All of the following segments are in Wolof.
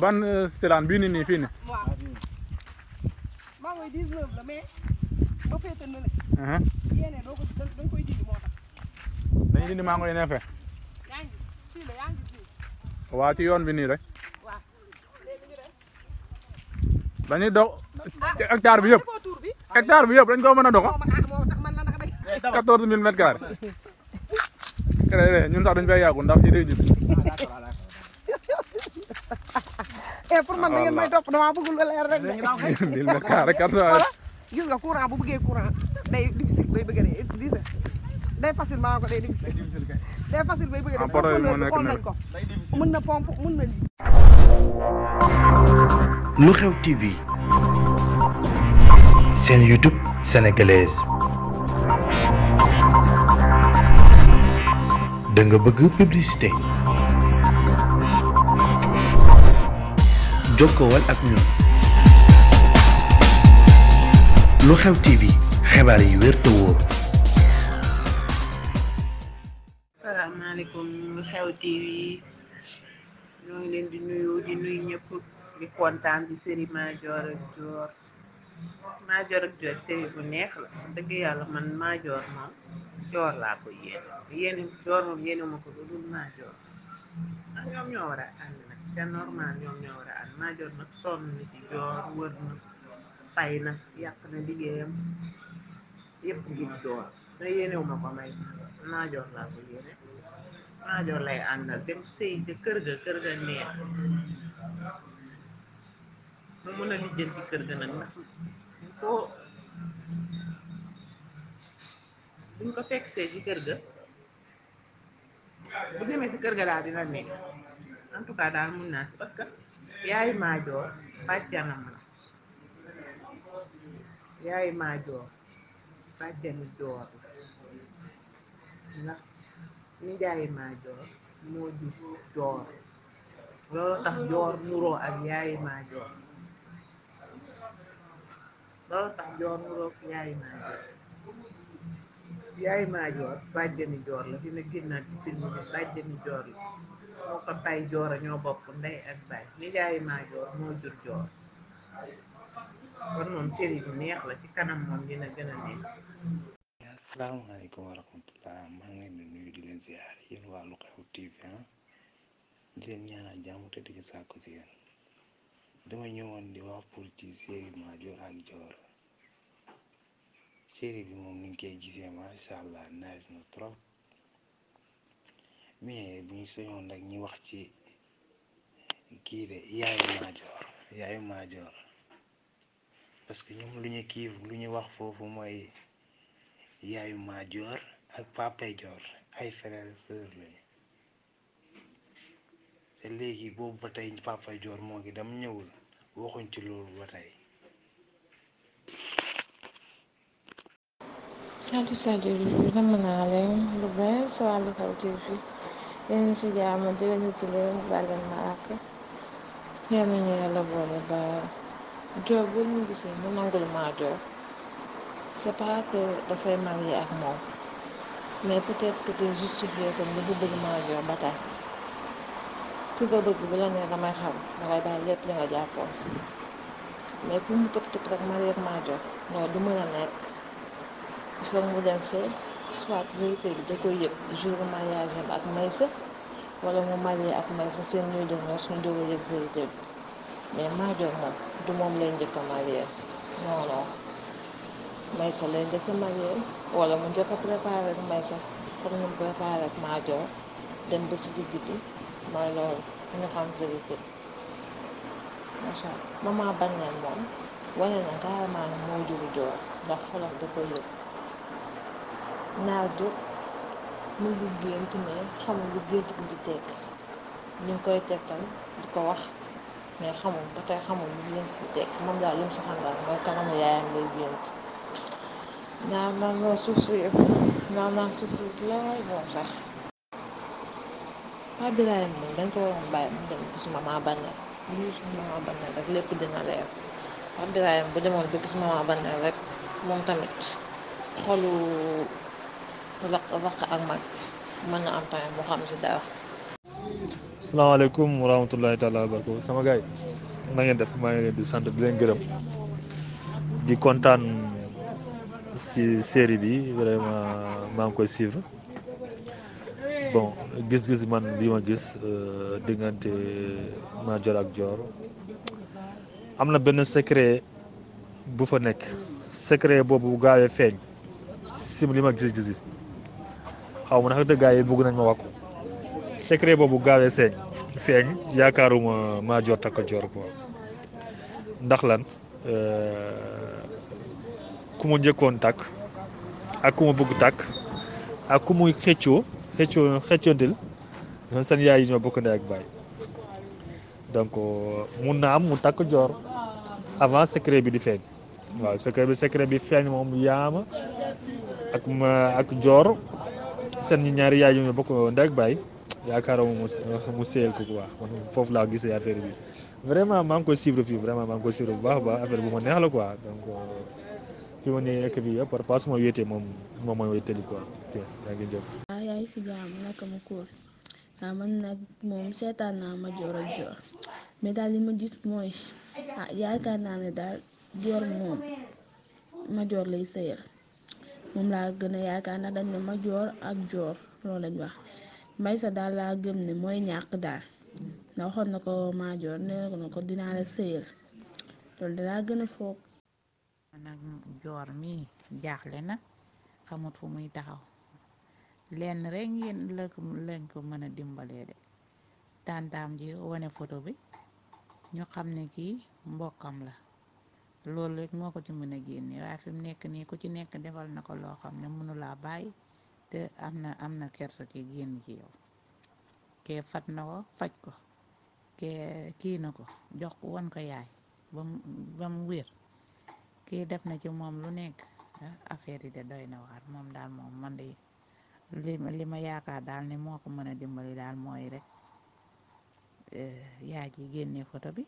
ban euh, selaan bii nii nii fii nii. waaw maa maa ngi lay neefee. yaa ci yoon bi nii rek. waaw léegi ah. hectare bi yëpp. Ah, hectare bi yëpp dañ ko mën a dox. 14000 ah, mètres créé ñun eh, man da ngeen may topp damaa bëgg lu leer rek nga courant bu bëggee courant a dee a dee xool TV. seen YouTube sénégalaise. da nga bëgg publicité jokkowal ak ñun lu xew TV xibaar yi wér te wóor. salaamaaleykum lu xew TV ñoo leen di nuyu di nuyu ñëpp di kontaan ci Serigne Madior maajoor ak joor série bu neex la dëgg yàlla man maajoor moom joor laa ko yéene yéene joor moom yéene ma ko lu dul maajoor ah ñoom ñoo war a ànd nag c'est normal ñoom ñoo war a ànd maajoor nag na ci joor wër na fay na yàq na liggéeyam yëpp ngir joor te yéenewu ma ko may laa ko yéene maajoor lay àndal kër ga kër ga neex mu mën a lijjanti kër ga nag ndax buñ ko buñ ko fekk ci kër ga bu demee si kër ga daal dina nekk en daal mun naa si parce que yaay maajoor bàjjanam la yaay maajoor bàjjanu joor la ndax nijaayi maajoor moo jur joor loolu tax joor nuroo ak yaayi maajoor loolu tax joor nuroog yaay maajoor yaay maajoor bàjjani joor la dina génnaat ci film bi bàjjani joor la moo ko tay joor a ñoo bokk ndey ak baay ni yaay maajoor moo jur joor kon moom série bu neex la ci kanam moom dina gën a neex asalaamaaleykum wa rahmatullah maa ngi leen di nuyu di leen ziar yéen waa Lu Xew TV ah. di leen ñaanal jàmm te di ci sàkku dama ñëwoon di wax pour ci série Madior ak Dior série bi moom niñ koy gisee macha allah nice na trop mais bu ñu soñoon nag ñi wax ci kii de yaayu maajoor yaayu maajoor parce que ñoom lu ñu kii lu ñu wax foofu mooy yaayu maajoor ak papay joor ay frère sœur lañu te léegi boobu ba tey papay joor moo ngi dam ñëwul waxuñ ci loolu ba tey salut salut nam naa leen lu bees sa wàllu xew TV yéen si jàmm déwéniti leen baal leen ma àq yal nañu yàlla boole ba joor bu leen gisee mu nangul maa joor c'est dafay marié ak moom mais peut-être que te justifié tam dafa bëgg maa ba tey ki ko bëgg bu la nee damay xam dangay bàyyi lépp li nga jàppoon mais pour mu tëb tëb ak maa joor loolu du mën a nekk il faut mu dem fee soit vérité bi da koy yëg jour mariage am ak Maïssa wala mu marié ak Maïssa seen ñuy dem noonu suñu doog a yëg vérité bi moom du moom lay njëkk a marié non non Maïssa lay njëkk mu njëkk a préparé ak Maïssa comme ni dem ba si digg bi mooy loolu ñu xam vérité bi macha allah maman Banel moom wane na carrément moo juru Dior ndax xolof da koy yëg. naatu mu ngi gént ne xamul lu gént gi di tekk ñu ngi koy tetal di ko wax mais xamul ba tey xamul lu gént gi tekk moom daal lim si xam daal mooy kanamu yaayam lay gént naaw suuf si naaw moom sax Paa moom dañ ko waroon bàyyi mu dem gis maman Banel bu ñu gis maman Banel rek lépp dina leer Paa Birahim bu demoon ba gis maman Banel rek moom tamit xolu wax wax ak mag mën na am sama gars yi def maa ngi di sant di leen gërëm di kontaan si série bi vraiment maa ngi koy suivre bon gis-gis man bi ma gis euh, diggante Madior ak Dior am na benn secret bu fa nekk secret boobu gaawee feeñ si li ma gis-gis. xaw ma nag de gars yi bëgg nañ ma wàkku secret boobu gaawee seeñ feeñ yaakaaruma maa joor takka joor quoi ndax lan euh, ku ma njëkkoon takk ak ku bugg takk ak ku muy xëccoo xëccoo xëccoontil seen yaay yi ñoo bokk ak baay donc euh, mun naam mu takk joor avant secret bi di feeñ waaw secret bi secret bi feeñ moom yaama ak ma ak joor seen ñaari yaay ñoom ñoo bokk ndey ak baay yaakaaruma mu mu seeyal ko quoi man foofu laa gisee affaire bi vraiment maa ngi koy suivre fii vraiment maa ngi koy suivre bu baax a baax affaire bu ma neex la quoi donc fi ma nee rek bi par rapport su ma ah, fi jàmm naka mu kóor ah man nag moom seetaan naa ma joor ak joor mais daal li ma gis mooy ah, yaakaar naa ne daal joor moom ma joor lay seeyal. moom laa gën a yaakaar ndax dañ ne ma joor ak joor loolu lañ wax Maysa daal laa gëm ni mooy ñàkk daal ndax waxoon na ko maa joor ne na ko dinaa la sëyal loolu dalaa gën a foog nag joor mi jaaxle na xamut fu muy taxaw lenn rek ngeen mën a dimbalee de tàntaam ji wane photo bi ñu xam ne kii mbokkam la loolu rek moo ko ci mën a génne waaye fi mu nekk nii ku ci nekk defal na ko loo xam ne mënulaa bàyyi te am na am na kersa ci génn ci yow kee fat na ko faj ko kee kii na ko jox ko won ko yaay ba mu wér kii def na ci moom lu nekk ah, affaire yi de doy na waar moom daal moom man de li ma yaakaar daal ne moo ko mën a dimbali daal mooy rek eh, yaay ci génne photo bi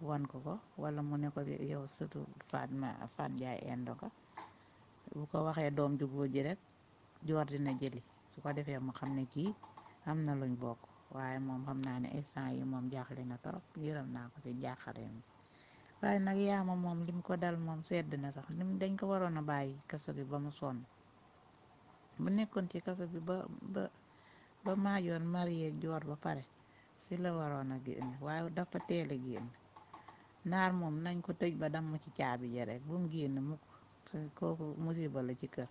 wan ko ko wala mu ne ko yow surtout Fatma Fat Ndiaye indo ko bu ko waxee doom ju ji rek joor dina jëli su ko defee mu xam ne kii am na luñ bokk waaye moom xam naa ne instant yi moom jaaxle na torop yërëm naa ko ci jaaxareem waaye nag yaama moom lim ko dal moom sedd na sax lim dañ ko waroon a bàyyi kaso gi ba mu sonn bu nekkoon ci kaso bi ba ba ba maajoon marié joor ba pare si la waroon a génn waaye dafa teel a génn naar moom nañ ko tëj ba damm ci caabi ja rek bu mu génn mukk kooku musiba la ci kër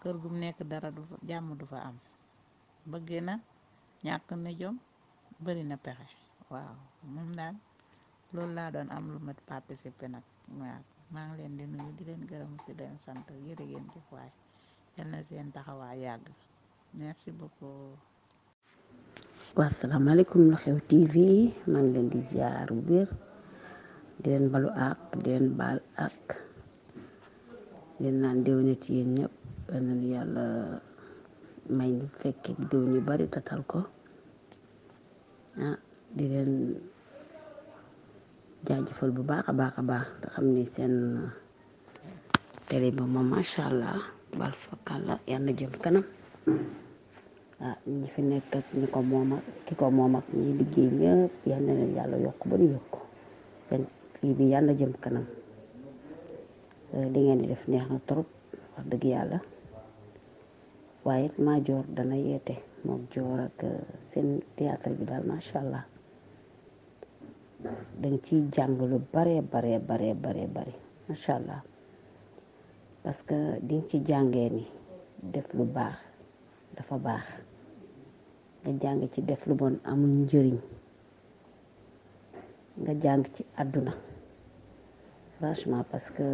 kër gum nekk dara du jàmm du fa am bëggee na ñàkk na jom bari na pexe waaw moom daal loolu laa doon am lu mat participer nag waaw maa ngi leen di nuyu di leen gërëm di leen sant yëre ngeen jëf waay yal na seen taxawaay yàgg merci beaucoup. wasalaamaaleykum Lu Xew TV maa ngi leen di ziar bu wér di leen balu àq di leen baal àq leen naan déwéne ci yéen ñëpp nañu yàlla may ñu fekk déwén yu bari tatal ko ah di leen jaajëfal bu baax a baax a baax te xam ni seen télé ba moom macha allah bal fakalla yàlla jëm kanam a ah, ñi fi nekk ñi ko moom ak ki ko moom ak ñi liggéey ñëpp yàlla yokk ba ñu yokk seen kii bi yàlla na jëm kanam euh, li ngeen di def neex na trop wax dëgg yàlla waaye it maa joor dana yeete moom joor ak euh, seen théâtre bi daal macha allah dañ ciy jàng lu bare bare bare bare bare macha allah parce que diñ ci jàngee ni def lu baax dafa baax nga jàng ci def lu bon amul njëriñ nga jàng ci àdduna franchement parce que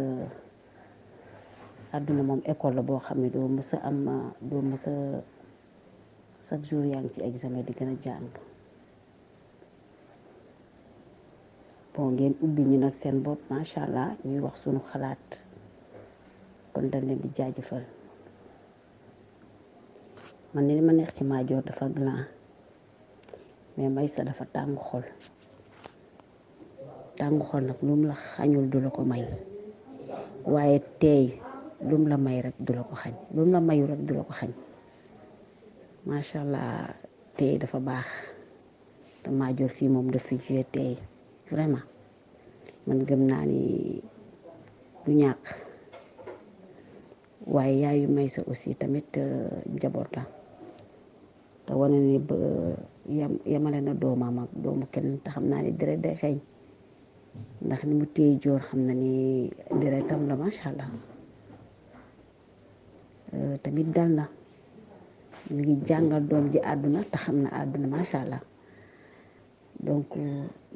àdduna moom école la boo xam ne doo mës am doo mës chaque jour yaa ci examen di gën a jàng bon ngeen ubbi ñu nag seen bopp macha allah ñuy wax sunu xalaat kon dañ leen di jaajëfal man ne li ma neex ci maajoor dafa glan mais may sa dafa tàng xol tàngu xol nag lu la xañul du la ko may waaye teey lu la may rek du la ko xañ lu la mayu rek du la ko xañ allah teey dafa baax te maajoor fii moom def fi jiyee teey vraiment man gëm naa ni du ñàkk waaye yaayu may sa aussi tamit euh, njaboot la te wane ni ba yamale na doomam ak doomu kenn te xam deret day xeeñ ndax ni mu téye joor xam na ni deretam la macha allah euh, tamit dal na mu ngi jàngal doom ji àdduna te xam na àdduna macha allah donc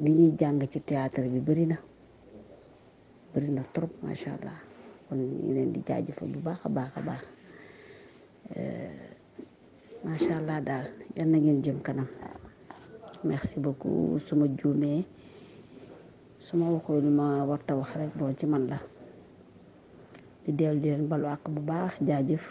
li ñuy jàng ci théâtre bi bari na bëri na trop macha allah kon ñu leen di jaajëfal bu baax a baax a baax euh, macha allah daal yal na ngeen jëm kanam merci beaucoup suma juumee su ma waxul li ma warta wax rek loolu ci man la di dellu di leen balu àq bu baax jaajëf